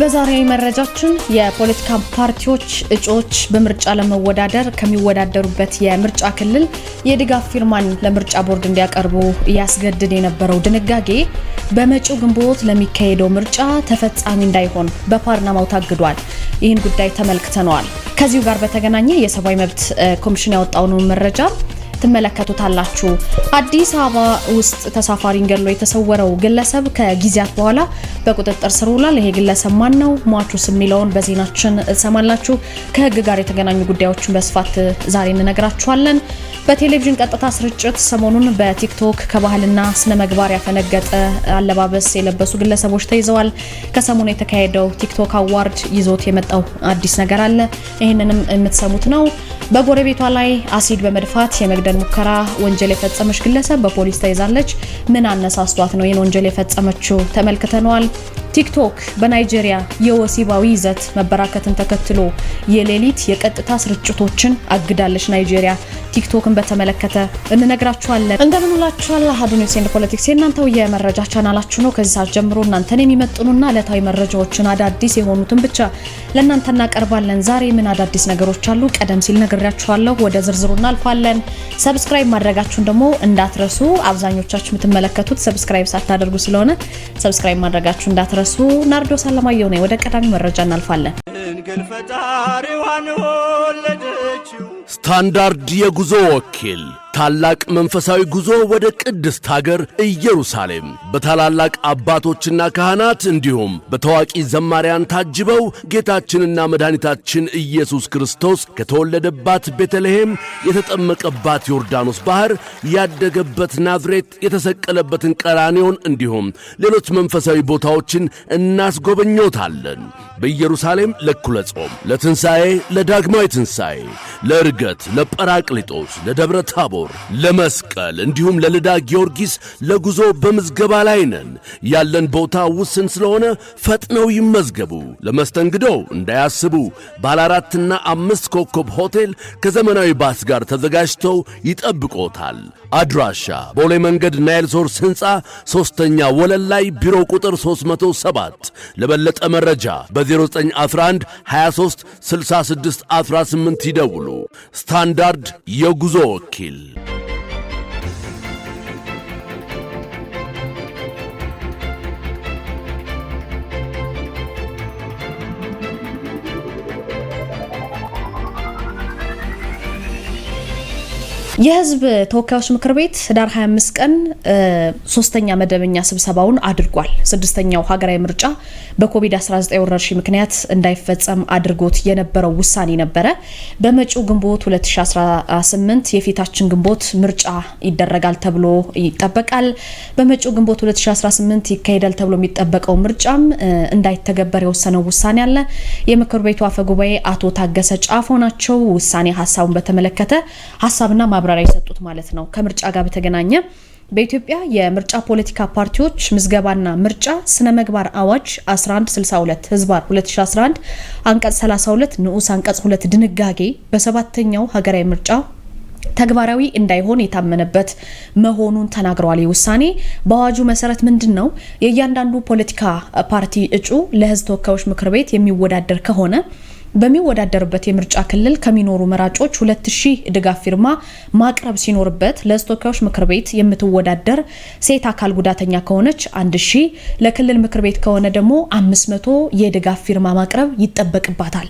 በዛሬ መረጃችን የፖለቲካ ፓርቲዎች እጩዎች በምርጫ ለመወዳደር ከሚወዳደሩበት የምርጫ ክልል የድጋፍ ፊርማን ለምርጫ ቦርድ እንዲያቀርቡ እያስገድድ የነበረው ድንጋጌ በመጪው ግንቦት ለሚካሄደው ምርጫ ተፈጻሚ እንዳይሆን በፓርላማው ታግዷል። ይህን ጉዳይ ተመልክተነዋል። ከዚሁ ጋር በተገናኘ የሰብአዊ መብት ኮሚሽን ያወጣውን መረጃ ትመለከቱታላችሁ። አዲስ አበባ ውስጥ ተሳፋሪን ገድሎ የተሰወረው ግለሰብ ከጊዜያት በኋላ በቁጥጥር ስር ውሏል። ይሄ ግለሰብ ማን ነው? ሟቹስ የሚለውን በዜናችን እሰማላችሁ። ከህግ ጋር የተገናኙ ጉዳዮችን በስፋት ዛሬ እንነግራችኋለን። በቴሌቪዥን ቀጥታ ስርጭት ሰሞኑን በቲክቶክ ከባህልና ስነ ምግባር ያፈነገጠ አለባበስ የለበሱ ግለሰቦች ተይዘዋል። ከሰሞኑ የተካሄደው ቲክቶክ አዋርድ ይዞት የመጣው አዲስ ነገር አለ። ይህንንም የምትሰሙት ነው። በጎረቤቷ ላይ አሲድ በመድፋት የመግደል የማፈን ሙከራ ወንጀል የፈጸመች ግለሰብ በፖሊስ ተይዛለች። ምን አነሳስቷት ነው ይህን ወንጀል የፈጸመችው? ተመልክተነዋል። ቲክቶክ በናይጄሪያ የወሲባዊ ይዘት መበራከትን ተከትሎ የሌሊት የቀጥታ ስርጭቶችን አግዳለች። ናይጄሪያ ቲክቶክን በተመለከተ እንነግራችኋለን። እንደምንላችኋል አሀዱ ኒውስ ፖለቲክስ የእናንተው የመረጃ ቻናላችሁ ነው። ከዚህ ሰዓት ጀምሮ እናንተን የሚመጥኑና ዕለታዊ መረጃዎችን አዳዲስ የሆኑትን ብቻ ለእናንተ እናቀርባለን። ዛሬ ምን አዳዲስ ነገሮች አሉ? ቀደም ሲል ነግሬያችኋለሁ። ወደ ዝርዝሩ እናልፋለን። ሰብስክራይብ ማድረጋችሁን ደግሞ እንዳትረሱ። አብዛኞቻችሁ የምትመለከቱት ሰብስክራይብ ሳታደርጉ ስለሆነ ሰብስክራይብ ማድረጋችሁ እንዳትረሱ ያደረሱ ናርዶስ አለማየሁ ነኝ። ወደ ቀዳሚ መረጃ እናልፋለን። ድንግል ፈጣሪዋን ወለደችው። ስታንዳርድ የጉዞ ወኪል ታላቅ መንፈሳዊ ጉዞ ወደ ቅድስት ሀገር ኢየሩሳሌም በታላላቅ አባቶችና ካህናት እንዲሁም በታዋቂ ዘማሪያን ታጅበው ጌታችንና መድኃኒታችን ኢየሱስ ክርስቶስ ከተወለደባት ቤተልሔም፣ የተጠመቀባት ዮርዳኖስ ባህር፣ ያደገበት ናዝሬት፣ የተሰቀለበትን ቀራንዮን እንዲሁም ሌሎች መንፈሳዊ ቦታዎችን እናስጎበኞታለን። በኢየሩሳሌም ለእኩለ ጾም፣ ለትንሣኤ፣ ለዳግማዊ ትንሣኤ፣ ለእርገት፣ ለጰራቅሊጦስ፣ ለደብረ ታቦር ለመኖር ለመስቀል እንዲሁም ለልዳ ጊዮርጊስ ለጉዞ በምዝገባ ላይ ነን። ያለን ቦታ ውስን ስለሆነ ፈጥነው ይመዝገቡ። ለመስተንግዶው እንዳያስቡ ባለ አራትና አምስት ኮከብ ሆቴል ከዘመናዊ ባስ ጋር ተዘጋጅተው ይጠብቆታል። አድራሻ ቦሌ መንገድ ናይል ሶርስ ሕንፃ ሦስተኛ ወለል ላይ ቢሮ ቁጥር 307። ለበለጠ መረጃ በ0911 23 66 18 ይደውሉ። ስታንዳርድ የጉዞ ወኪል የህዝብ ተወካዮች ምክር ቤት ህዳር 25 ቀን ሶስተኛ መደበኛ ስብሰባውን አድርጓል። ስድስተኛው ሀገራዊ ምርጫ በኮቪድ-19 ወረርሽኝ ምክንያት እንዳይፈጸም አድርጎት የነበረው ውሳኔ ነበረ። በመጪው ግንቦት 2018 የፊታችን ግንቦት ምርጫ ይደረጋል ተብሎ ይጠበቃል። በመጪው ግንቦት 2018 ይካሄዳል ተብሎ የሚጠበቀው ምርጫም እንዳይተገበር የወሰነው ውሳኔ አለ። የምክር ቤቱ አፈ ጉባኤ አቶ ታገሰ ጫፎ ናቸው ውሳኔ ሀሳቡን በተመለከተ ሀሳብና ማብራሪያ የሰጡት ማለት ነው። ከምርጫ ጋር በተገናኘ በኢትዮጵያ የምርጫ ፖለቲካ ፓርቲዎች ምዝገባና ምርጫ ስነ ምግባር አዋጅ 1162 ህዝባር 2011 አንቀጽ 32 ንዑስ አንቀጽ 2 ድንጋጌ በሰባተኛው ሀገራዊ ምርጫ ተግባራዊ እንዳይሆን የታመነበት መሆኑን ተናግረዋል። ውሳኔ በአዋጁ መሰረት ምንድን ነው? የእያንዳንዱ ፖለቲካ ፓርቲ እጩ ለህዝብ ተወካዮች ምክር ቤት የሚወዳደር ከሆነ በሚወዳደርበት የምርጫ ክልል ከሚኖሩ መራጮች 2000 ድጋፍ ፊርማ ማቅረብ ሲኖርበት ለተወካዮች ምክር ቤት የምትወዳደር ሴት አካል ጉዳተኛ ከሆነች 1000፣ ለክልል ምክር ቤት ከሆነ ደግሞ 500 የድጋፍ ፊርማ ማቅረብ ይጠበቅባታል።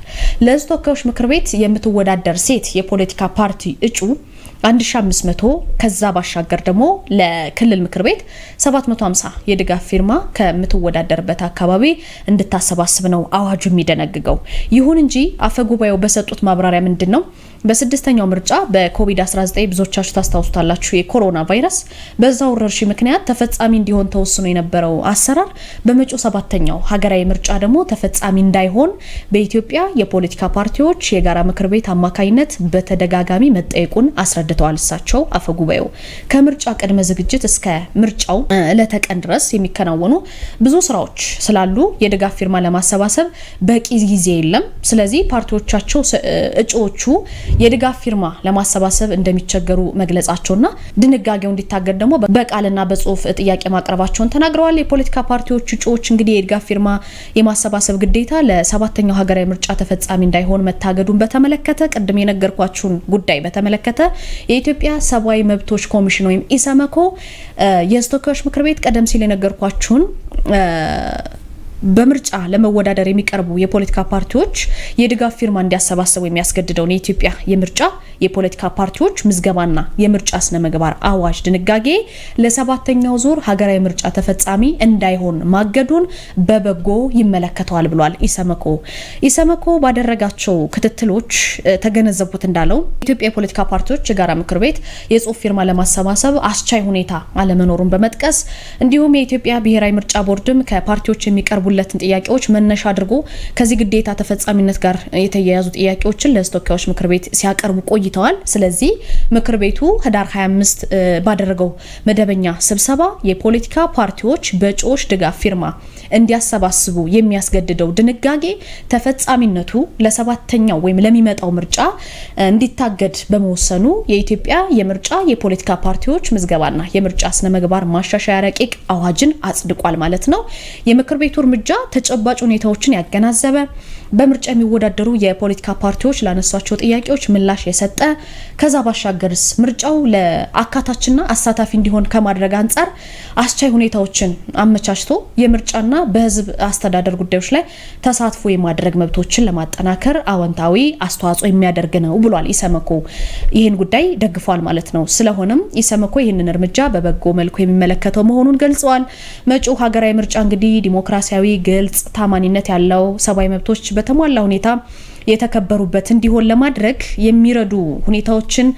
ለተወካዮች ምክር ቤት የምትወዳደር ሴት የፖለቲካ ፓርቲ እጩ 1500 ከዛ ባሻገር ደግሞ ለክልል ምክር ቤት 750 የድጋፍ ፊርማ ከምትወዳደርበት አካባቢ እንድታሰባስብ ነው አዋጁ የሚደነግገው። ይሁን እንጂ አፈ ጉባኤው በሰጡት ማብራሪያ ምንድን ነው በስድስተኛው ምርጫ በኮቪድ-19 ብዙዎቻችሁ ታስታውሱታላችሁ የኮሮና ቫይረስ በዛ ወረርሽኝ ምክንያት ተፈጻሚ እንዲሆን ተወስኖ የነበረው አሰራር በመጪው ሰባተኛው ሀገራዊ ምርጫ ደግሞ ተፈጻሚ እንዳይሆን በኢትዮጵያ የፖለቲካ ፓርቲዎች የጋራ ምክር ቤት አማካኝነት በተደጋጋሚ መጠየቁን አስረድ አስረድተዋል። እሳቸው አፈጉባኤው ከምርጫ ቅድመ ዝግጅት እስከ ምርጫው ዕለተ ቀን ድረስ የሚከናወኑ ብዙ ስራዎች ስላሉ የድጋፍ ፊርማ ለማሰባሰብ በቂ ጊዜ የለም። ስለዚህ ፓርቲዎቻቸው እጩዎቹ የድጋፍ ፊርማ ለማሰባሰብ እንደሚቸገሩ መግለጻቸውና ድንጋጌው እንዲታገድ ደግሞ በቃልና በጽሁፍ ጥያቄ ማቅረባቸውን ተናግረዋል። የፖለቲካ ፓርቲዎች እጩዎች እንግዲህ የድጋፍ ፊርማ የማሰባሰብ ግዴታ ለሰባተኛው ሀገራዊ ምርጫ ተፈጻሚ እንዳይሆን መታገዱን በተመለከተ ቅድም የነገርኳችሁን ጉዳይ በተመለከተ የኢትዮጵያ ሰብአዊ መብቶች ኮሚሽን ወይም ኢሰመኮ የተወካዮች ምክር ቤት ቀደም ሲል የነገርኳችሁን በምርጫ ለመወዳደር የሚቀርቡ የፖለቲካ ፓርቲዎች የድጋፍ ፊርማ እንዲያሰባሰቡ የሚያስገድደውን የኢትዮጵያ የምርጫ የፖለቲካ ፓርቲዎች ምዝገባና የምርጫ ስነ ምግባር አዋጅ ድንጋጌ ለሰባተኛው ዙር ሀገራዊ ምርጫ ተፈጻሚ እንዳይሆን ማገዱን በበጎ ይመለከተዋል ብሏል ኢሰመኮ። ኢሰመኮ ባደረጋቸው ክትትሎች ተገነዘቡት እንዳለው ኢትዮጵያ የፖለቲካ ፓርቲዎች የጋራ ምክር ቤት የጽሁፍ ፊርማ ለማሰባሰብ አስቻይ ሁኔታ አለመኖሩን በመጥቀስ እንዲሁም የኢትዮጵያ ብሔራዊ ምርጫ ቦርድም ከፓርቲዎች የሚቀርቡለትን ጥያቄዎች መነሻ አድርጎ ከዚህ ግዴታ ተፈጻሚነት ጋር የተያያዙ ጥያቄዎችን ለተወካዮች ምክር ቤት ሲያቀርቡ ቆይ ቆይተዋል። ስለዚህ ምክር ቤቱ ህዳር 25 ባደረገው መደበኛ ስብሰባ የፖለቲካ ፓርቲዎች በእጩዎች ድጋፍ ፊርማ እንዲያሰባስቡ የሚያስገድደው ድንጋጌ ተፈጻሚነቱ ለሰባተኛው ወይም ለሚመጣው ምርጫ እንዲታገድ በመወሰኑ የኢትዮጵያ የምርጫ የፖለቲካ ፓርቲዎች ምዝገባና የምርጫ ስነ ምግባር ማሻሻያ ረቂቅ አዋጅን አጽድቋል ማለት ነው። የምክር ቤቱ እርምጃ ተጨባጭ ሁኔታዎችን ያገናዘበ በምርጫ የሚወዳደሩ የፖለቲካ ፓርቲዎች ላነሷቸው ጥያቄዎች ምላሽ የሰጠ ከዛ ባሻገርስ ምርጫው ለአካታችና አሳታፊ እንዲሆን ከማድረግ አንጻር አስቻይ ሁኔታዎችን አመቻችቶ የምርጫና በህዝብ አስተዳደር ጉዳዮች ላይ ተሳትፎ የማድረግ መብቶችን ለማጠናከር አወንታዊ አስተዋጽኦ የሚያደርግ ነው ብሏል ኢሰመኮ። ይህን ጉዳይ ደግፏል ማለት ነው። ስለሆነም ኢሰመኮ ይህንን እርምጃ በበጎ መልኩ የሚመለከተው መሆኑን ገልጸዋል። መጪው ሀገራዊ ምርጫ እንግዲህ ዲሞክራሲያዊ፣ ግልጽ፣ ታማኒነት ያለው ሰብአዊ መብቶች በተሟላ ሁኔታ የተከበሩበት እንዲሆን ለማድረግ የሚረዱ ሁኔታዎችን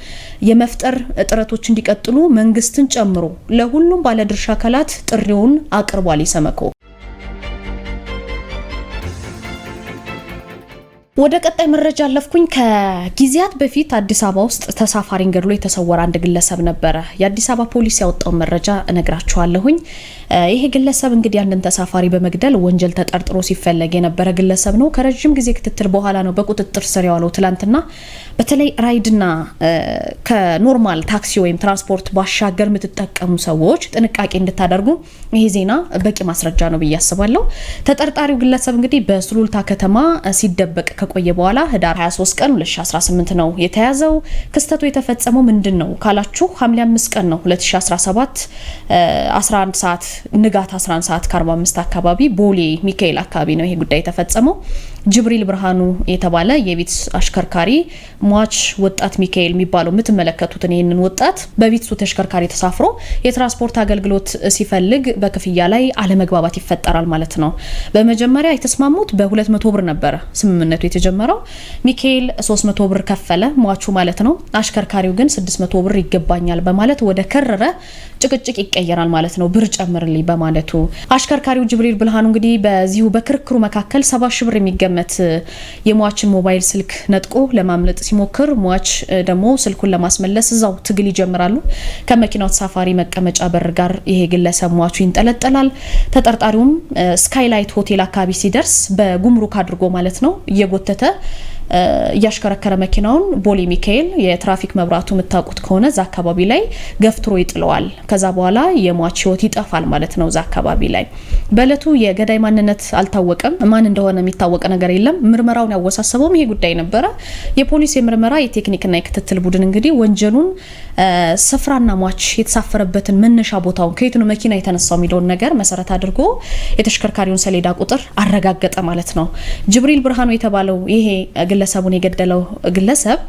የመፍጠር ጥረቶች እንዲቀጥሉ መንግስትን ጨምሮ ለሁሉም ባለድርሻ አካላት ጥሪውን አቅርቧል ኢሰመኮ። ወደ ቀጣይ መረጃ አለፍኩኝ። ከጊዜያት በፊት አዲስ አበባ ውስጥ ተሳፋሪን ገድሎ የተሰወረ አንድ ግለሰብ ነበረ። የአዲስ አበባ ፖሊስ ያወጣውን መረጃ እነግራችኋለሁኝ። ይሄ ግለሰብ እንግዲህ አንድን ተሳፋሪ በመግደል ወንጀል ተጠርጥሮ ሲፈለግ የነበረ ግለሰብ ነው። ከረዥም ጊዜ ክትትል በኋላ ነው በቁጥጥር ስር የዋለው። ትላንትና በተለይ ራይድና ከኖርማል ታክሲ ወይም ትራንስፖርት ባሻገር የምትጠቀሙ ሰዎች ጥንቃቄ እንድታደርጉ ይሄ ዜና በቂ ማስረጃ ነው ብዬ አስባለሁ። ተጠርጣሪው ግለሰብ እንግዲህ በሱሉልታ ከተማ ሲደበቅ ከቆየ በኋላ ህዳር 23 ቀን 2018 ነው የተያዘው። ክስተቱ የተፈጸመው ምንድን ነው ካላችሁ ሐምሌ 5 ቀን ነው 2017 11 ሰዓት ንጋት 11 ሰዓት ከ45 አካባቢ ቦሌ ሚካኤል አካባቢ ነው ይሄ ጉዳይ የተፈጸመው። ጅብሪል ብርሃኑ የተባለ የቪትስ አሽከርካሪ ሟች ወጣት ሚካኤል የሚባለው የምትመለከቱትን ይህንን ወጣት በቪትሱ ተሽከርካሪ ተሳፍሮ የትራንስፖርት አገልግሎት ሲፈልግ በክፍያ ላይ አለመግባባት ይፈጠራል ማለት ነው። በመጀመሪያ የተስማሙት በ200 ብር ነበረ ስምምነቱ የተጀመረው። ሚካኤል 300 ብር ከፈለ ሟቹ ማለት ነው። አሽከርካሪው ግን 600 ብር ይገባኛል በማለት ወደ ከረረ ጭቅጭቅ ይቀየራል ማለት ነው። ብር ጨምርልኝ በማለቱ አሽከርካሪው ጅብሪል ብርሃኑ እንግዲህ በዚሁ በክርክሩ መካከል 70 ብር የሚገ ዓመት የሟችን ሞባይል ስልክ ነጥቆ ለማምለጥ ሲሞክር ሟች ደግሞ ስልኩን ለማስመለስ እዛው ትግል ይጀምራሉ። ከመኪናው ተሳፋሪ መቀመጫ በር ጋር ይሄ ግለሰብ ሟቹ ይንጠለጠላል። ተጠርጣሪውም ስካይላይት ሆቴል አካባቢ ሲደርስ በጉምሩክ አድርጎ ማለት ነው እየጎተተ እያሽከረከረ መኪናውን ቦሌ ሚካኤል የትራፊክ መብራቱ የምታውቁት ከሆነ እዛ አካባቢ ላይ ገፍትሮ ይጥለዋል። ከዛ በኋላ የሟች ህይወት ይጠፋል ማለት ነው እዛ አካባቢ ላይ። በእለቱ የገዳይ ማንነት አልታወቀም። ማን እንደሆነ የሚታወቀ ነገር የለም። ምርመራውን ያወሳሰበውም ይሄ ጉዳይ ነበረ። የፖሊስ የምርመራ የቴክኒክና የክትትል ቡድን እንግዲህ ወንጀሉን ስፍራና ሟች የተሳፈረበትን መነሻ ቦታውን ከየት ነው መኪና የተነሳው የሚለውን ነገር መሰረት አድርጎ የተሽከርካሪውን ሰሌዳ ቁጥር አረጋገጠ ማለት ነው። ጅብሪል ብርሃኑ የተባለው ይሄ ግለ ግለሰቡን የገደለው ግለሰብ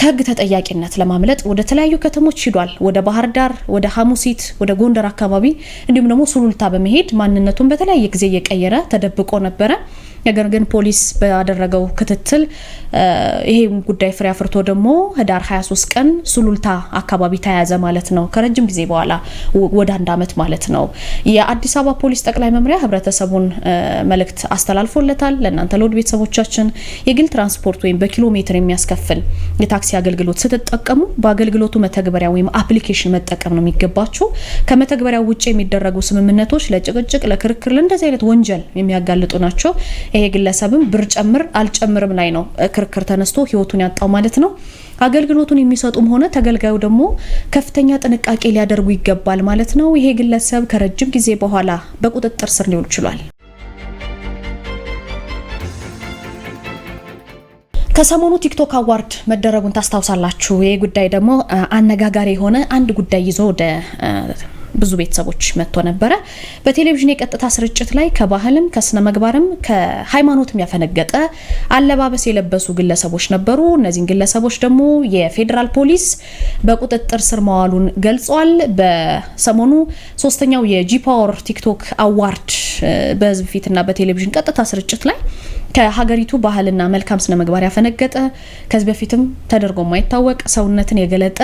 ከህግ ተጠያቂነት ለማምለጥ ወደ ተለያዩ ከተሞች ሂዷል። ወደ ባህር ዳር፣ ወደ ሐሙሲት፣ ወደ ጎንደር አካባቢ እንዲሁም ደግሞ ሱሉልታ በመሄድ ማንነቱን በተለያየ ጊዜ እየቀየረ ተደብቆ ነበረ። ነገር ግን ፖሊስ ባደረገው ክትትል ይሄም ጉዳይ ፍሬ አፍርቶ ደግሞ ህዳር 23 ቀን ሱሉልታ አካባቢ ተያያዘ ማለት ነው። ከረጅም ጊዜ በኋላ ወደ አንድ አመት ማለት ነው። የአዲስ አበባ ፖሊስ ጠቅላይ መምሪያ ህብረተሰቡን መልእክት አስተላልፎለታል። ለእናንተ ለውድ ቤተሰቦቻችን የግል ትራንስፖርት ወይም በኪሎ ሜትር የሚያስከፍል የታክሲ አገልግሎት ስትጠቀሙ በአገልግሎቱ መተግበሪያ ወይም አፕሊኬሽን መጠቀም ነው የሚገባችሁ። ከመተግበሪያ ውጭ የሚደረጉ ስምምነቶች ለጭቅጭቅ፣ ለክርክር፣ ለእንደዚህ አይነት ወንጀል የሚያጋልጡ ናቸው። ይሄ ግለሰብም ብር ጨምር አልጨምርም ላይ ነው ክርክር ተነስቶ ህይወቱን ያጣው ማለት ነው። አገልግሎቱን የሚሰጡም ሆነ ተገልጋዩ ደግሞ ከፍተኛ ጥንቃቄ ሊያደርጉ ይገባል ማለት ነው። ይሄ ግለሰብ ከረጅም ጊዜ በኋላ በቁጥጥር ስር ሊውል ችሏል። ከሰሞኑ ቲክቶክ አዋርድ መደረጉን ታስታውሳላችሁ። ይህ ጉዳይ ደግሞ አነጋጋሪ የሆነ አንድ ጉዳይ ይዞ ወደ ብዙ ቤተሰቦች መጥቶ ነበረ። በቴሌቪዥን የቀጥታ ስርጭት ላይ ከባህልም ከስነ ምግባርም ከሃይማኖትም ያፈነገጠ አለባበስ የለበሱ ግለሰቦች ነበሩ። እነዚህን ግለሰቦች ደግሞ የፌዴራል ፖሊስ በቁጥጥር ስር መዋሉን ገልጿል። በሰሞኑ ሶስተኛው የጂፓወር ቲክቶክ አዋርድ በህዝብ ፊትና በቴሌቪዥን ቀጥታ ስርጭት ላይ ከሀገሪቱ ባህልና መልካም ስነ ምግባር ያፈነገጠ ከዚህ በፊትም ተደርጎ ማይታወቅ ሰውነትን የገለጠ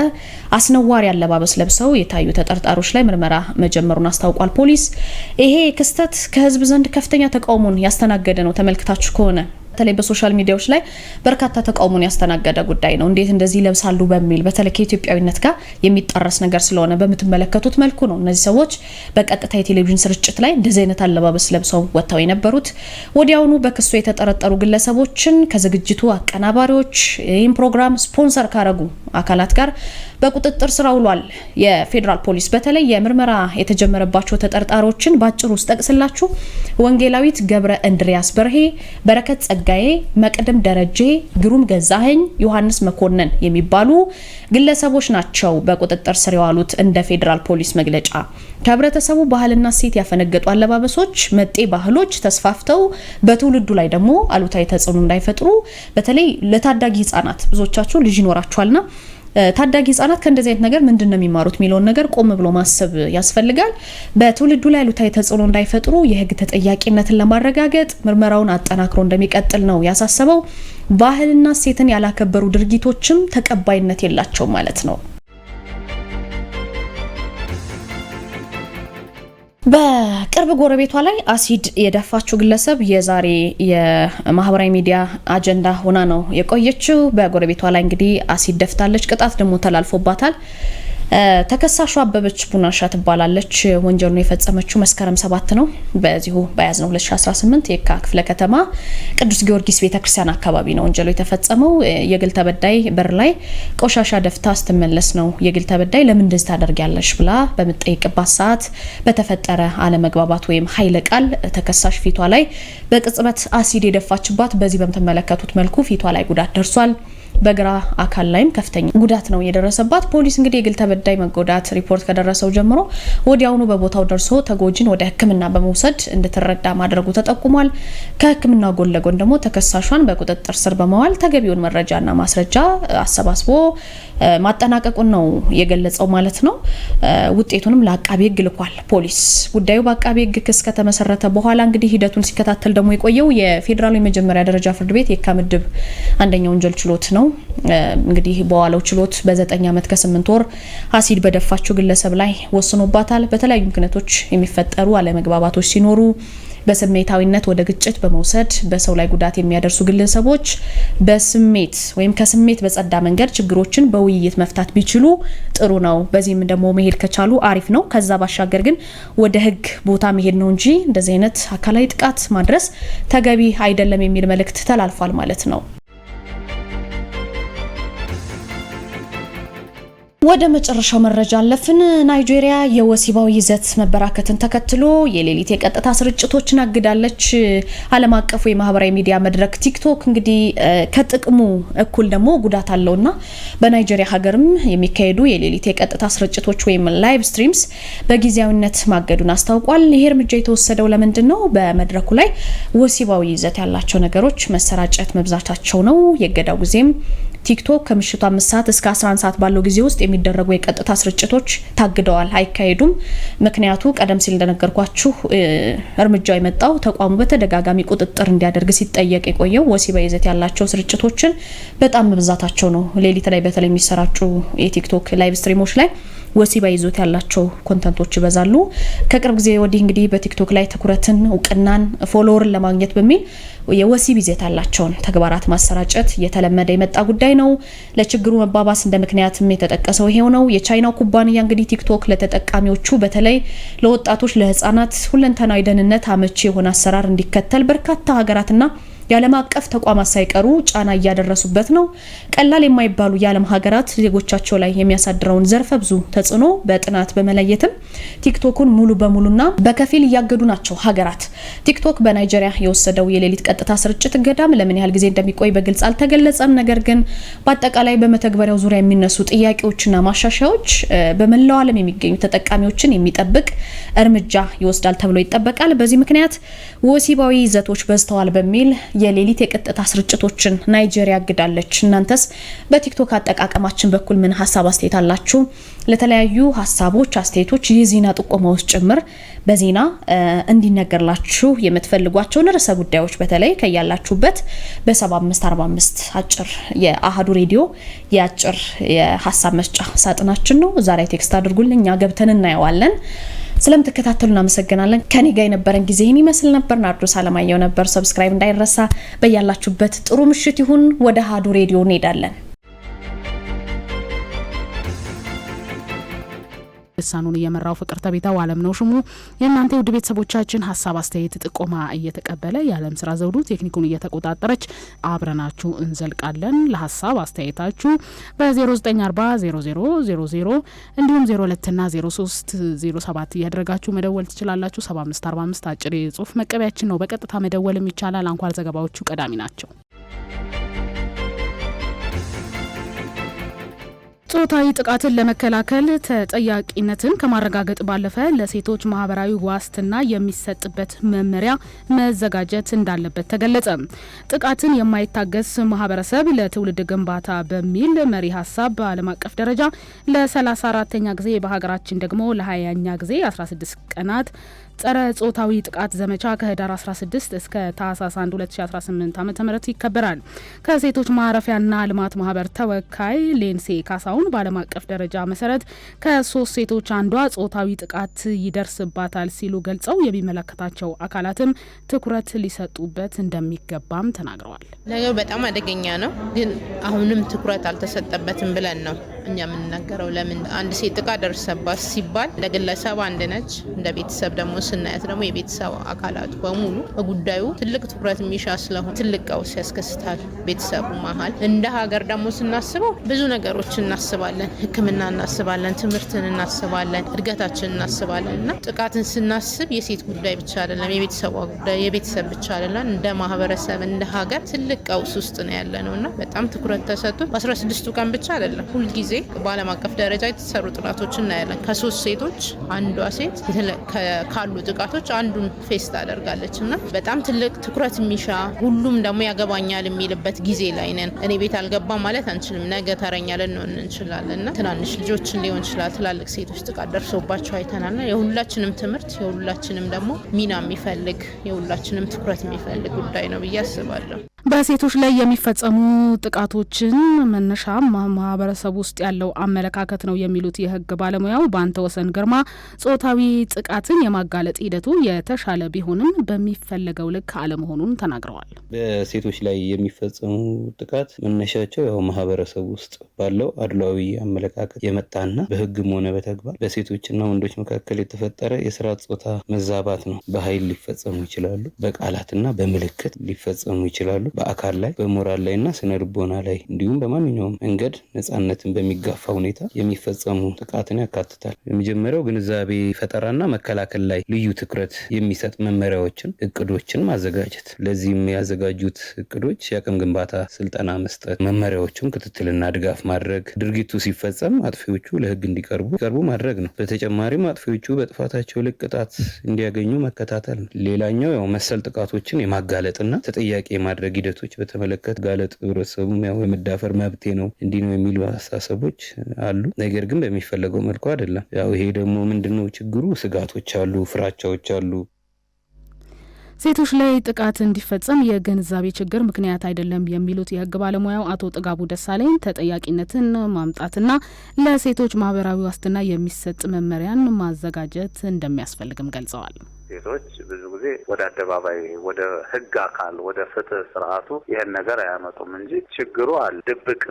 አስነዋሪ አለባበስ ለብሰው የታዩ ተጠርጣሪዎች ላይ ምርመራ መጀመሩን አስታውቋል ፖሊስ። ይሄ ክስተት ከህዝብ ዘንድ ከፍተኛ ተቃውሞን ያስተናገደ ነው። ተመልክታችሁ ከሆነ በተለይ በሶሻል ሚዲያዎች ላይ በርካታ ተቃውሞን ያስተናገደ ጉዳይ ነው። እንዴት እንደዚህ ይለብሳሉ በሚል በተለይ ከኢትዮጵያዊነት ጋር የሚጣረስ ነገር ስለሆነ በምትመለከቱት መልኩ ነው እነዚህ ሰዎች በቀጥታ የቴሌቪዥን ስርጭት ላይ እንደዚህ አይነት አለባበስ ለብሰው ወጥተው የነበሩት። ወዲያውኑ በክሱ የተጠረጠሩ ግለሰቦችን ከዝግጅቱ አቀናባሪዎች፣ ይህም ፕሮግራም ስፖንሰር ካረጉ አካላት ጋር በቁጥጥር ስር ውሏል። የፌዴራል ፖሊስ በተለይ የምርመራ የተጀመረባቸው ተጠርጣሪዎችን በአጭሩ ውስጥ ጠቅስላችሁ ወንጌላዊት ገብረ እንድሪያስ በርሄ፣ በረከት ጸጋዬ፣ መቅድም ደረጄ፣ ግሩም ገዛኸኝ፣ ዮሐንስ መኮንን የሚባሉ ግለሰቦች ናቸው በቁጥጥር ስር የዋሉት። እንደ ፌዴራል ፖሊስ መግለጫ ከህብረተሰቡ ባህልና ሴት ያፈነገጡ አለባበሶች፣ መጤ ባህሎች ተስፋፍተው በትውልዱ ላይ ደግሞ አሉታዊ ተጽዕኖ እንዳይፈጥሩ በተለይ ለታዳጊ ህጻናት ብዙዎቻችሁ ልጅ ይኖራችኋልና ታዳጊ ህጻናት ከእንደዚህ አይነት ነገር ምንድን ነው የሚማሩት የሚለውን ነገር ቆም ብሎ ማሰብ ያስፈልጋል። በትውልዱ ላይ አሉታዊ ተጽዕኖ እንዳይፈጥሩ የህግ ተጠያቂነትን ለማረጋገጥ ምርመራውን አጠናክሮ እንደሚቀጥል ነው ያሳሰበው። ባህልና ሴትን ያላከበሩ ድርጊቶችም ተቀባይነት የላቸው ማለት ነው። በቅርብ ጎረቤቷ ላይ አሲድ የደፋችው ግለሰብ የዛሬ የማህበራዊ ሚዲያ አጀንዳ ሆና ነው የቆየችው። በጎረቤቷ ላይ እንግዲህ አሲድ ደፍታለች፣ ቅጣት ደግሞ ተላልፎባታል። ተከሳሹ አበበች ቡናሻ ትባላለች። ወንጀሉን የፈጸመችው መስከረም ሰባት ነው። በዚሁ በያዝነው 2018 የካ ክፍለ ከተማ ቅዱስ ጊዮርጊስ ቤተክርስቲያን አካባቢ ነው ወንጀሉ የተፈጸመው። የግል ተበዳይ በር ላይ ቆሻሻ ደፍታ ስትመለስ ነው የግል ተበዳይ ለምን እንደዚህ ታደርጊያለሽ ብላ በምጠይቅባት ሰዓት በተፈጠረ አለመግባባት ወይም ኃይለ ቃል ተከሳሽ ፊቷ ላይ በቅጽበት አሲድ የደፋችባት። በዚህ በምትመለከቱት መልኩ ፊቷ ላይ ጉዳት ደርሷል። በግራ አካል ላይም ከፍተኛ ጉዳት ነው የደረሰባት። ፖሊስ እንግዲህ የግል ተበዳይ መጎዳት ሪፖርት ከደረሰው ጀምሮ ወዲያውኑ በቦታው ደርሶ ተጎጂን ወደ ሕክምና በመውሰድ እንድትረዳ ማድረጉ ተጠቁሟል። ከሕክምና ጎን ለጎን ደግሞ ተከሳሿን በቁጥጥር ስር በመዋል ተገቢውን መረጃና ማስረጃ አሰባስቦ ማጠናቀቁን ነው የገለጸው ማለት ነው። ውጤቱንም ለአቃቢ ሕግ ልኳል ፖሊስ። ጉዳዩ በአቃቢ ሕግ ክስ ከተመሰረተ በኋላ እንግዲህ ሂደቱን ሲከታተል ደግሞ የቆየው የፌዴራሉ የመጀመሪያ ደረጃ ፍርድ ቤት የካ ምድብ አንደኛ ወንጀል ችሎት ነው። እንግዲህ በዋለው ችሎት በዘጠኝ ዓመት ከስምንት ወር አሲድ በደፋችው ግለሰብ ላይ ወስኖባታል። በተለያዩ ምክንያቶች የሚፈጠሩ አለመግባባቶች ሲኖሩ በስሜታዊነት ወደ ግጭት በመውሰድ በሰው ላይ ጉዳት የሚያደርሱ ግለሰቦች በስሜት ወይም ከስሜት በጸዳ መንገድ ችግሮችን በውይይት መፍታት ቢችሉ ጥሩ ነው። በዚህም ደግሞ መሄድ ከቻሉ አሪፍ ነው። ከዛ ባሻገር ግን ወደ ሕግ ቦታ መሄድ ነው እንጂ እንደዚህ አይነት አካላዊ ጥቃት ማድረስ ተገቢ አይደለም የሚል መልእክት ተላልፏል ማለት ነው። ወደ መጨረሻው መረጃ አለፍን። ናይጄሪያ የወሲባዊ ይዘት መበራከትን ተከትሎ የሌሊት የቀጥታ ስርጭቶችን አግዳለች። ዓለም አቀፉ የማህበራዊ ሚዲያ መድረክ ቲክቶክ እንግዲህ ከጥቅሙ እኩል ደግሞ ጉዳት አለውና በናይጄሪያ ሀገርም የሚካሄዱ የሌሊት የቀጥታ ስርጭቶች ወይም ላይቭ ስትሪምስ በጊዜያዊነት ማገዱን አስታውቋል። ይሄ እርምጃ የተወሰደው ለምንድን ነው? በመድረኩ ላይ ወሲባዊ ይዘት ያላቸው ነገሮች መሰራጨት መብዛታቸው ነው። የገዳው ጊዜም ቲክቶክ ከምሽቱ አምስት ሰዓት እስከ 11 ሰዓት ባለው ጊዜ ውስጥ የሚደረጉ የቀጥታ ስርጭቶች ታግደዋል፣ አይካሄዱም። ምክንያቱ ቀደም ሲል እንደነገርኳችሁ እርምጃው የመጣው ተቋሙ በተደጋጋሚ ቁጥጥር እንዲያደርግ ሲጠየቅ የቆየው ወሲባዊ ይዘት ያላቸው ስርጭቶችን በጣም መብዛታቸው ነው። ሌሊት ላይ በተለይ የሚሰራጩ የቲክቶክ ላይቭ ስትሪሞች ላይ ወሲባዊ ይዞት ያላቸው ኮንተንቶች ይበዛሉ። ከቅርብ ጊዜ ወዲህ እንግዲህ በቲክቶክ ላይ ትኩረትን፣ እውቅናን፣ ፎሎወርን ለማግኘት በሚል የወሲብ ይዘት ያላቸውን ተግባራት ማሰራጨት እየተለመደ የመጣ ጉዳይ ነው። ለችግሩ መባባስ እንደ ምክንያትም የተጠቀሰው ይሄው ነው። የቻይናው ኩባንያ እንግዲህ ቲክቶክ ለተጠቃሚዎቹ በተለይ ለወጣቶች፣ ለህፃናት ሁለንተናዊ ደህንነት አመቺ የሆነ አሰራር እንዲከተል በርካታ ሀገራትና የዓለም አቀፍ ተቋማት ሳይቀሩ ጫና እያደረሱበት ነው። ቀላል የማይባሉ የዓለም ሀገራት ዜጎቻቸው ላይ የሚያሳድረውን ዘርፈ ብዙ ተጽዕኖ በጥናት በመለየትም ቲክቶክን ሙሉ በሙሉና በከፊል እያገዱ ናቸው ሀገራት። ቲክቶክ በናይጀሪያ የወሰደው የሌሊት ቀጥታ ስርጭት እገዳም ለምን ያህል ጊዜ እንደሚቆይ በግልጽ አልተገለጸም። ነገር ግን በአጠቃላይ በመተግበሪያው ዙሪያ የሚነሱ ጥያቄዎችና ማሻሻያዎች በመላው ዓለም የሚገኙ ተጠቃሚዎችን የሚጠብቅ እርምጃ ይወስዳል ተብሎ ይጠበቃል። በዚህ ምክንያት ወሲባዊ ይዘቶች በዝተዋል በሚል የሌሊት የቀጥታ ስርጭቶችን ናይጄሪያ አግዳለች። እናንተስ በቲክቶክ አጠቃቀማችን በኩል ምን ሀሳብ አስተያየት አላችሁ? ለተለያዩ ሀሳቦች፣ አስተያየቶች የዜና ጥቆማዎች ጭምር በዜና እንዲነገርላችሁ የምትፈልጓቸውን ርዕሰ ጉዳዮች በተለይ ከያላችሁበት በ7545 አጭር የአህዱ ሬዲዮ የአጭር የሀሳብ መስጫ ሳጥናችን ነው። ዛሬ ቴክስት አድርጉልኝ፣ ገብተን እናየዋለን። ስለምትከታተሉ እናመሰግናለን። ከኔ ጋር የነበረን ጊዜ ይህን ይመስል ነበር። ናርዶስ አለማየሁ ነበር። ሰብስክራይብ እንዳይረሳ። በያላችሁበት ጥሩ ምሽት ይሁን። ወደ አሀዱ ሬዲዮ እንሄዳለን። ልሳኑን እየመራው ፍቅር ተቤታው አለም ነው ሽሙ የእናንተ ውድ ቤተሰቦቻችን ሀሳብ፣ አስተያየት፣ ጥቆማ እየተቀበለ የአለም ስራ ዘውዱ ቴክኒኩን እየተቆጣጠረች አብረናችሁ እንዘልቃለን። ለሀሳብ አስተያየታችሁ በ 0940 እንዲሁም 02ና 0307 እያደረጋችሁ መደወል ትችላላችሁ። 7545 አጭር የጽሁፍ መቀበያችን ነው። በቀጥታ መደወልም ይቻላል። አንኳር ዘገባዎቹ ቀዳሚ ናቸው። ጾታዊ ጥቃትን ለመከላከል ተጠያቂነትን ከማረጋገጥ ባለፈ ለሴቶች ማህበራዊ ዋስትና የሚሰጥበት መመሪያ መዘጋጀት እንዳለበት ተገለጸ። ጥቃትን የማይታገስ ማህበረሰብ ለትውልድ ግንባታ በሚል መሪ ሀሳብ በዓለም አቀፍ ደረጃ ለ34ኛ ጊዜ በሀገራችን ደግሞ ለ20ኛ ጊዜ 16 ቀናት ጸረ ጾታዊ ጥቃት ዘመቻ ከህዳር 16 እስከ ታህሳስ 1 2018 ዓ ም ይከበራል። ከሴቶች ማረፊያና ልማት ማህበር ተወካይ ሌንሴ ካሳውን በዓለም አቀፍ ደረጃ መሰረት ከሶስት ሴቶች አንዷ ጾታዊ ጥቃት ይደርስባታል ሲሉ ገልጸው የሚመለከታቸው አካላትም ትኩረት ሊሰጡበት እንደሚገባም ተናግረዋል። ነገሩ በጣም አደገኛ ነው፣ ግን አሁንም ትኩረት አልተሰጠበትም ብለን ነው እኛ የምንናገረው ለምን አንድ ሴት ጥቃት ደርሰባት ሲባል እንደ ግለሰብ አንድ ነች፣ እንደ ቤተሰብ ደግሞ ስናያት ደግሞ የቤተሰብ አካላት በሙሉ በጉዳዩ ትልቅ ትኩረት የሚሻ ስለሆነ ትልቅ ቀውስ ያስከስታል ቤተሰቡ መሀል። እንደ ሀገር ደግሞ ስናስበው ብዙ ነገሮች እናስባለን፣ ሕክምና እናስባለን፣ ትምህርትን እናስባለን፣ እድገታችን እናስባለን እና ጥቃትን ስናስብ የሴት ጉዳይ ብቻ አይደለም፣ የቤተሰቧ ጉዳይ የቤተሰብ ብቻ አይደለም። እንደ ማህበረሰብ እንደ ሀገር ትልቅ ቀውስ ውስጥ ነው ያለ ነው እና በጣም ትኩረት ተሰጥቶ በ16ቱ ቀን ብቻ አይደለም ሁልጊዜ ጊዜ በዓለም አቀፍ ደረጃ የተሰሩ ጥናቶች እናያለን። ከሶስት ሴቶች አንዷ ሴት ካሉ ጥቃቶች አንዱን ፌስ ታደርጋለች እና በጣም ትልቅ ትኩረት የሚሻ ሁሉም ደግሞ ያገባኛል የሚልበት ጊዜ ላይ ነን። እኔ ቤት አልገባም ማለት አንችልም። ነገ ተረኛ ልንሆን እንችላለን እና ትናንሽ ልጆችን ሊሆን ይችላል ትላልቅ ሴቶች ጥቃት ደርሶባቸው አይተናል የሁላችንም ትምህርት የሁላችንም ደግሞ ሚና የሚፈልግ የሁላችንም ትኩረት የሚፈልግ ጉዳይ ነው ብዬ አስባለሁ። በሴቶች ላይ የሚፈጸሙ ጥቃቶችን መነሻ ማህበረሰብ ውስጥ ያለው አመለካከት ነው የሚሉት የህግ ባለሙያው በአንተ ወሰን ግርማ ጾታዊ ጥቃትን የማጋለጥ ሂደቱ የተሻለ ቢሆንም በሚፈለገው ልክ አለመሆኑን ተናግረዋል። በሴቶች ላይ የሚፈጸሙ ጥቃት መነሻቸው ያው ማህበረሰብ ውስጥ ባለው አድሏዊ አመለካከት የመጣና በህግም ሆነ በተግባር በሴቶችና ወንዶች መካከል የተፈጠረ የስራ ጾታ መዛባት ነው። በኃይል ሊፈጸሙ ይችላሉ። በቃላትና በምልክት ሊፈጸሙ ይችላሉ። በአካል ላይ በሞራል ላይ እና ስነ ልቦና ላይ እንዲሁም በማንኛውም መንገድ ነፃነትን በሚጋፋ ሁኔታ የሚፈጸሙ ጥቃትን ያካትታል። የመጀመሪያው ግንዛቤ ፈጠራና መከላከል ላይ ልዩ ትኩረት የሚሰጥ መመሪያዎችን፣ እቅዶችን ማዘጋጀት። ለዚህም ያዘጋጁት እቅዶች የአቅም ግንባታ ስልጠና መስጠት፣ መመሪያዎቹን ክትትልና ድጋፍ ማድረግ፣ ድርጊቱ ሲፈጸም አጥፊዎቹ ለህግ እንዲቀርቡ ቀርቡ ማድረግ ነው። በተጨማሪም አጥፊዎቹ በጥፋታቸው ልክ ቅጣት እንዲያገኙ መከታተል ነው። ሌላኛው ያው መሰል ጥቃቶችን የማጋለጥና ተጠያቂ የማድረግ ሂደቶች በተመለከተ ጋለጥ ህብረተሰቡ ያው የመዳፈር መብቴ ነው እንዲህ ነው የሚሉ አስተሳሰቦች አሉ። ነገር ግን በሚፈለገው መልኩ አይደለም። ያው ይሄ ደግሞ ምንድነው ችግሩ? ስጋቶች አሉ፣ ፍራቻዎች አሉ። ሴቶች ላይ ጥቃት እንዲፈጸም የግንዛቤ ችግር ምክንያት አይደለም የሚሉት የህግ ባለሙያው አቶ ጥጋቡ ደሳለኝ ተጠያቂነትን ማምጣትና ለሴቶች ማህበራዊ ዋስትና የሚሰጥ መመሪያን ማዘጋጀት እንደሚያስፈልግም ገልጸዋል። ሴቶች ብዙ ጊዜ ወደ አደባባይ ወደ ህግ አካል ወደ ፍትህ ስርዓቱ ይህን ነገር አያመጡም እንጂ ችግሩ አለ። ድብቅ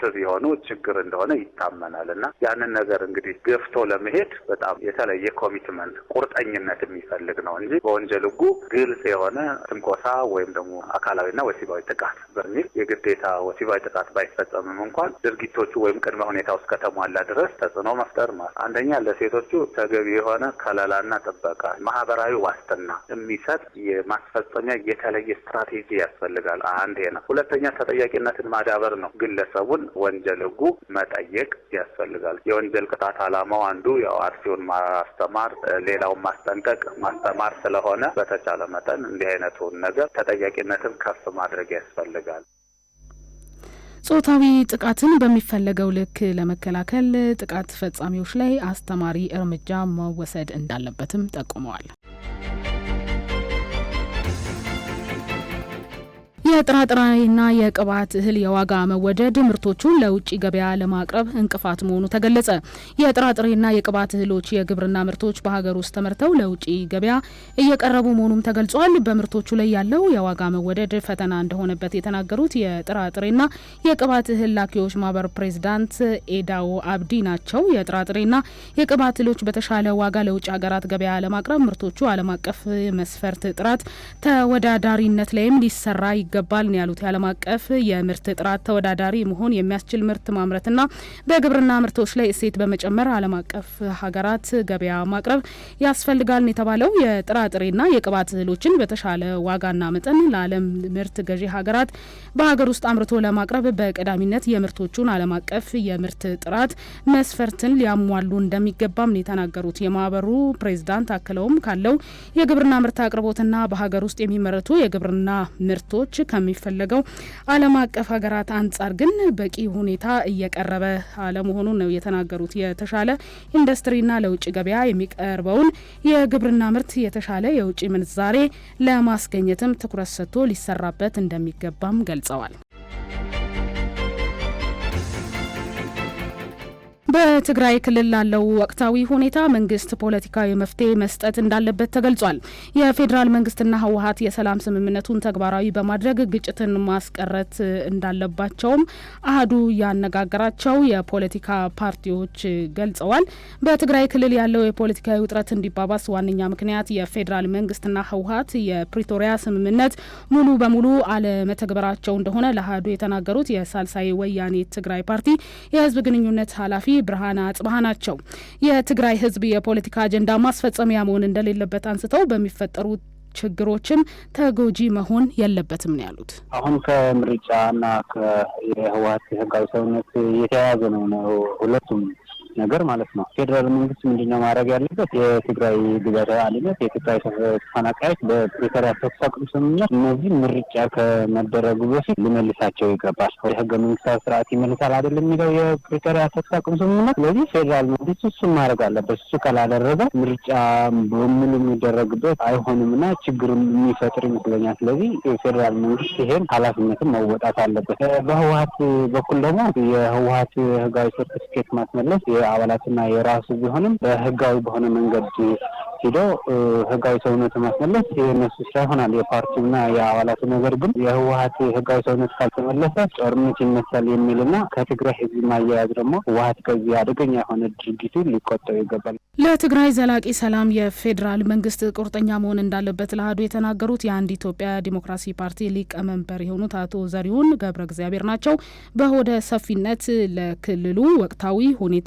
ስብ የሆኑ ችግር እንደሆነ ይታመናል እና ያንን ነገር እንግዲህ ገፍቶ ለመሄድ በጣም የተለየ ኮሚትመንት ቁርጠኝነት የሚፈልግ ነው እንጂ በወንጀል ህጉ ግልጽ የሆነ ትንኮሳ ወይም ደግሞ አካላዊና ወሲባዊ ጥቃት በሚል የግዴታ ወሲባዊ ጥቃት ባይፈጸምም እንኳን ድርጊቶቹ ወይም ቅድመ ሁኔታ ውስጥ ከተሟላ ድረስ ተጽዕኖ መፍጠር ማለት አንደኛ ለሴቶቹ ተገቢ የሆነ ከለላና ጥበቃ ማህበራ ማህበራዊ ዋስትና የሚሰጥ የማስፈጸሚያ የተለየ ስትራቴጂ ያስፈልጋል። አንድ ነው። ሁለተኛ ተጠያቂነትን ማዳበር ነው። ግለሰቡን ወንጀል ህጉ መጠየቅ ያስፈልጋል። የወንጀል ቅጣት ዓላማው አንዱ ያው አርሲውን ማስተማር፣ ሌላውን ማስጠንቀቅ፣ ማስተማር ስለሆነ በተቻለ መጠን እንዲህ አይነቱን ነገር ተጠያቂነትን ከፍ ማድረግ ያስፈልጋል። ጾታዊ ጥቃትን በሚፈለገው ልክ ለመከላከል ጥቃት ፈጻሚዎች ላይ አስተማሪ እርምጃ መወሰድ እንዳለበትም ጠቁመዋል። የጥራጥሬና የቅባት እህል የዋጋ መወደድ ምርቶቹን ለውጭ ገበያ ለማቅረብ እንቅፋት መሆኑ ተገለጸ። የጥራጥሬና የቅባት እህሎች የግብርና ምርቶች በሀገር ውስጥ ተመርተው ለውጭ ገበያ እየቀረቡ መሆኑም ተገልጿል። በምርቶቹ ላይ ያለው የዋጋ መወደድ ፈተና እንደሆነበት የተናገሩት የጥራጥሬና የቅባት እህል ላኪዎች ማህበር ፕሬዚዳንት ኤዳው አብዲ ናቸው። የጥራጥሬና የቅባት እህሎች በተሻለ ዋጋ ለውጭ ሀገራት ገበያ ለማቅረብ ምርቶቹ ዓለም አቀፍ መስፈርት ጥራት፣ ተወዳዳሪነት ላይም ሊሰራ ይገባል ይገባል ያሉት። የዓለም አቀፍ የምርት ጥራት ተወዳዳሪ መሆን የሚያስችል ምርት ማምረትና በግብርና ምርቶች ላይ እሴት በመጨመር ዓለም አቀፍ ሀገራት ገበያ ማቅረብ ያስፈልጋል ነው የተባለው። የጥራጥሬና የቅባት እህሎችን በተሻለ ዋጋና መጠን ለዓለም ምርት ገዢ ሀገራት በሀገር ውስጥ አምርቶ ለማቅረብ በቀዳሚነት የምርቶቹን ዓለም አቀፍ የምርት ጥራት መስፈርትን ሊያሟሉ እንደሚገባም ነው የተናገሩት። የማህበሩ ፕሬዚዳንት አክለውም ካለው የግብርና ምርት አቅርቦትና በሀገር ውስጥ የሚመረቱ የግብርና ምርቶች ከሚፈለገው ዓለም አቀፍ ሀገራት አንጻር ግን በቂ ሁኔታ እየቀረበ አለመሆኑን ነው የተናገሩት። የተሻለ ኢንዱስትሪና ለውጭ ገበያ የሚቀርበውን የግብርና ምርት የተሻለ የውጭ ምንዛሬ ለማስገኘትም ትኩረት ሰጥቶ ሊሰራበት እንደሚገባም ገልጸዋል። በትግራይ ክልል ላለው ወቅታዊ ሁኔታ መንግስት ፖለቲካዊ መፍትሄ መስጠት እንዳለበት ተገልጿል። የፌዴራል መንግስትና ህወሀት የሰላም ስምምነቱን ተግባራዊ በማድረግ ግጭትን ማስቀረት እንዳለባቸውም አህዱ ያነጋገራቸው የፖለቲካ ፓርቲዎች ገልጸዋል። በትግራይ ክልል ያለው የፖለቲካዊ ውጥረት እንዲባባስ ዋነኛ ምክንያት የፌዴራል መንግስትና ህወሀት የፕሪቶሪያ ስምምነት ሙሉ በሙሉ አለመተግበራቸው እንደሆነ ለአህዱ የተናገሩት የሳልሳይ ወያኔ ትግራይ ፓርቲ የህዝብ ግንኙነት ኃላፊ ብርሃነ አጽብሃ ናቸው። የትግራይ ህዝብ የፖለቲካ አጀንዳ ማስፈጸሚያ መሆን እንደሌለበት አንስተው በሚፈጠሩ ችግሮችም ተጎጂ መሆን የለበትም ነው ያሉት። አሁን ከምርጫና የህወሀት የህጋዊ ሰውነት የተያያዘ ነው ነው ሁለቱም ነገር ማለት ነው። ፌዴራል መንግስት ምንድነው ማድረግ ያለበት? የትግራይ ግዛት አልነት የትግራይ ተፈናቃዮች በፕሪቶሪያ ተኩስ አቁም ስምምነት እነዚህ ምርጫ ከመደረጉ በፊት ሊመልሳቸው ይገባል። ወደ ህገ መንግስታዊ ስርዓት ይመልሳል አይደለም የሚለው የፕሪቶሪያ ተኩስ አቁም ስምምነት። ስለዚህ ፌዴራል መንግስት እሱን ማድረግ አለበት። እሱ ካላደረገ ምርጫ በሙሉ የሚደረግበት አይሆንም እና ችግር የሚፈጥር ይመስለኛል። ስለዚህ የፌዴራል መንግስት ይሄን ኃላፊነትን መወጣት አለበት። በህወሀት በኩል ደግሞ የህወሀት ህጋዊ ሰርቲፊኬት ማስመለስ አባላትና የራሱ ቢሆንም በህጋዊ በሆነ መንገድ ሂዶ ህጋዊ ሰውነት ማስመለስ የነሱ ስራ ይሆናል። የፓርቲውና የአባላቱ ነገር ግን የህወሀት ህጋዊ ሰውነት ካልተመለሰ ጦርነት ይነሳል የሚልና ከትግራይ ህዝብ ማያያዝ ደግሞ ህወሀት ከዚህ አደገኛ የሆነ ድርጊቱ ሊቆጠው ይገባል። ለትግራይ ዘላቂ ሰላም የፌዴራል መንግስት ቁርጠኛ መሆን እንዳለበት ለአህዱ የተናገሩት የአንድ ኢትዮጵያ ዲሞክራሲ ፓርቲ ሊቀመንበር የሆኑት አቶ ዘሪሁን ገብረ እግዚአብሔር ናቸው። በሆደ ሰፊነት ለክልሉ ወቅታዊ ሁኔታ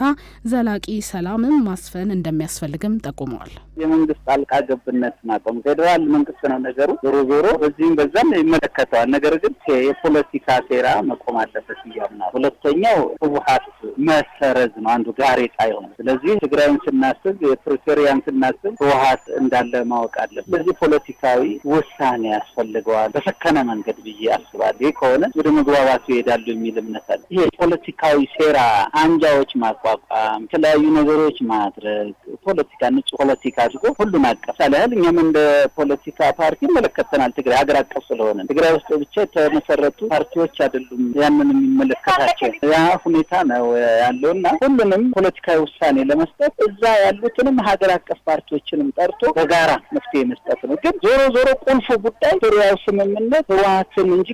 ዘላቂ ሰላምም ማስፈን እንደሚያስፈልግም ጠቁመዋል። የመንግስት ጣልቃ ገብነት ማቆም፣ ፌዴራል መንግስት ነው ነገሩ። ዞሮ ዞሮ በዚህም በዛም ይመለከተዋል። ነገር ግን የፖለቲካ ሴራ መቆም አለበት እያምና፣ ሁለተኛው ህወሀት መሰረዝ ነው አንዱ ጋሬጣ የሆነ ስለዚህ ትግራይን ስናስብ፣ የፕሪቶሪያን ስናስብ ህወሀት እንዳለ ማወቅ አለ። ስለዚህ ፖለቲካዊ ውሳኔ ያስፈልገዋል በሰከነ መንገድ ብዬ አስባለሁ። ይህ ከሆነ ወደ መግባባቱ ይሄዳሉ የሚል እምነት አለ። ይሄ ፖለቲካዊ ሴራ አንጃዎች ማቋቋም፣ የተለያዩ ነገሮች ማድረግ ፖለቲካ ንጹህ ፖለቲካ አድርጎ ሁሉን አቀፍ ሳልያህል እኛም እንደ ፖለቲካ ፓርቲ ይመለከተናል። ትግራይ ሀገር አቀፍ ስለሆነ ትግራይ ውስጥ ብቻ የተመሰረቱ ፓርቲዎች አይደሉም ያንን የሚመለከታቸው። ያ ሁኔታ ነው ያለው እና ሁሉንም ፖለቲካዊ ውሳኔ ለመስጠት እዛ ያሉትንም ሀገር አቀፍ ፓርቲዎችንም ጠርቶ በጋራ መፍትሄ መስጠት ነው። ግን ዞሮ ዞሮ ቁልፉ ጉዳይ ዙሪያው ስምምነት ህወሀትን እንጂ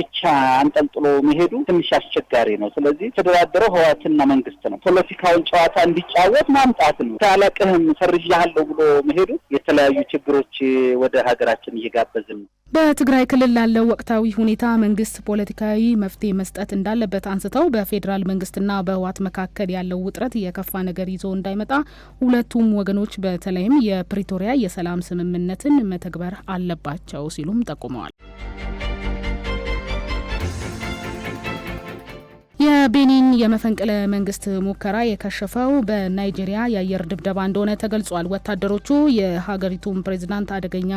ብቻ አንጠልጥሎ መሄዱ ትንሽ አስቸጋሪ ነው። ስለዚህ ተደራደረው ህወሀትና መንግስት ነው። ፖለቲካውን ጨዋታ እንዲጫወት ማምጣት ነው። ታላቅህም ሰርዣሃለሁ ብሎ መሄዱ የተለያዩ ችግሮች ወደ ሀገራችን እየጋበዝን ነው። በትግራይ ክልል ላለው ወቅታዊ ሁኔታ መንግስት ፖለቲካዊ መፍትሄ መስጠት እንዳለበት አንስተው በፌዴራል መንግስትና በህወሓት መካከል ያለው ውጥረት የከፋ ነገር ይዞ እንዳይመጣ ሁለቱም ወገኖች በተለይም የፕሪቶሪያ የሰላም ስምምነትን መተግበር አለባቸው ሲሉም ጠቁመዋል። የቤኒን የመፈንቅለ መንግስት ሙከራ የከሸፈው በናይጄሪያ የአየር ድብደባ እንደሆነ ተገልጿል። ወታደሮቹ የሀገሪቱን ፕሬዚዳንት አደገኛ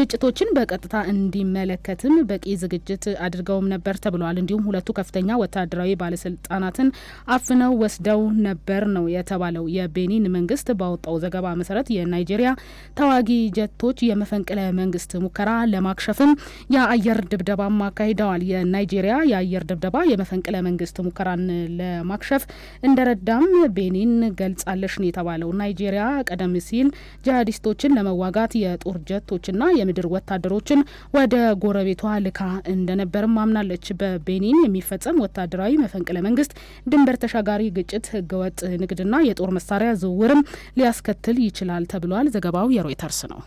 ግጭቶችን በቀጥታ እንዲመለከትም በቂ ዝግጅት አድርገውም ነበር ተብሏል። እንዲሁም ሁለቱ ከፍተኛ ወታደራዊ ባለስልጣናትን አፍነው ወስደው ነበር ነው የተባለው። የቤኒን መንግስት ባወጣው ዘገባ መሰረት የናይጄሪያ ተዋጊ ጀቶች የመፈንቅለ መንግስት ሙከራ ለማክሸፍም የአየር ድብደባም አካሂደዋል። የናይጄሪያ የአየር ድብደባ የመፈንቅለ መንግስት ሙከራን ለማክሸፍ እንደረዳም ቤኒን ገልጻለች ነው የተባለው። ናይጄሪያ ቀደም ሲል ጂሃዲስቶችን ለመዋጋት የጦር ጀቶችና የምድር ወታደሮችን ወደ ጎረቤቷ ልካ እንደነበርም አምናለች። በቤኒን የሚፈጸም ወታደራዊ መፈንቅለ መንግስት፣ ድንበር ተሻጋሪ ግጭት፣ ህገወጥ ንግድና የጦር መሳሪያ ዝውውርም ሊያስከትል ይችላል ተብሏል። ዘገባው የሮይተርስ ነው።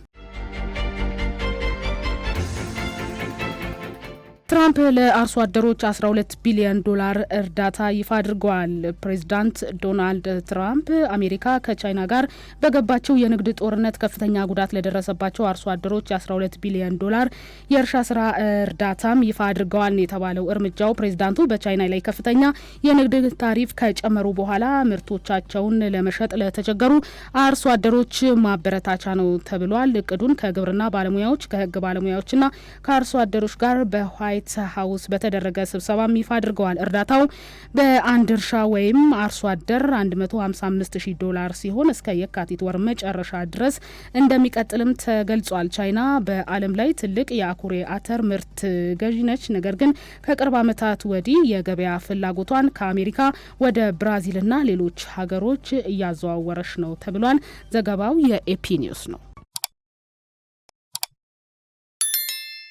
ትራምፕ ለአርሶ አደሮች 12 ቢሊዮን ዶላር እርዳታ ይፋ አድርገዋል። ፕሬዚዳንት ዶናልድ ትራምፕ አሜሪካ ከቻይና ጋር በገባቸው የንግድ ጦርነት ከፍተኛ ጉዳት ለደረሰባቸው አርሶ አደሮች የ12 ቢሊዮን ዶላር የእርሻ ስራ እርዳታም ይፋ አድርገዋል ነው የተባለው። እርምጃው ፕሬዚዳንቱ በቻይና ላይ ከፍተኛ የንግድ ታሪፍ ከጨመሩ በኋላ ምርቶቻቸውን ለመሸጥ ለተቸገሩ አርሶ አደሮች ማበረታቻ ነው ተብሏል። እቅዱን ከግብርና ባለሙያዎች ከህግ ባለሙያዎችና ከአርሶ አደሮች ጋር በዋይት ዋይት ሀውስ በተደረገ ስብሰባም ይፋ አድርገዋል። እርዳታው በአንድ እርሻ ወይም አርሶ አደር 155 ሺህ ዶላር ሲሆን እስከ የካቲት ወር መጨረሻ ድረስ እንደሚቀጥልም ተገልጿል። ቻይና በዓለም ላይ ትልቅ የአኩሬ አተር ምርት ገዢ ነች። ነገር ግን ከቅርብ ዓመታት ወዲህ የገበያ ፍላጎቷን ከአሜሪካ ወደ ብራዚልና ሌሎች ሀገሮች እያዘዋወረች ነው ተብሏል። ዘገባው የኤፒ ኒውስ ነው።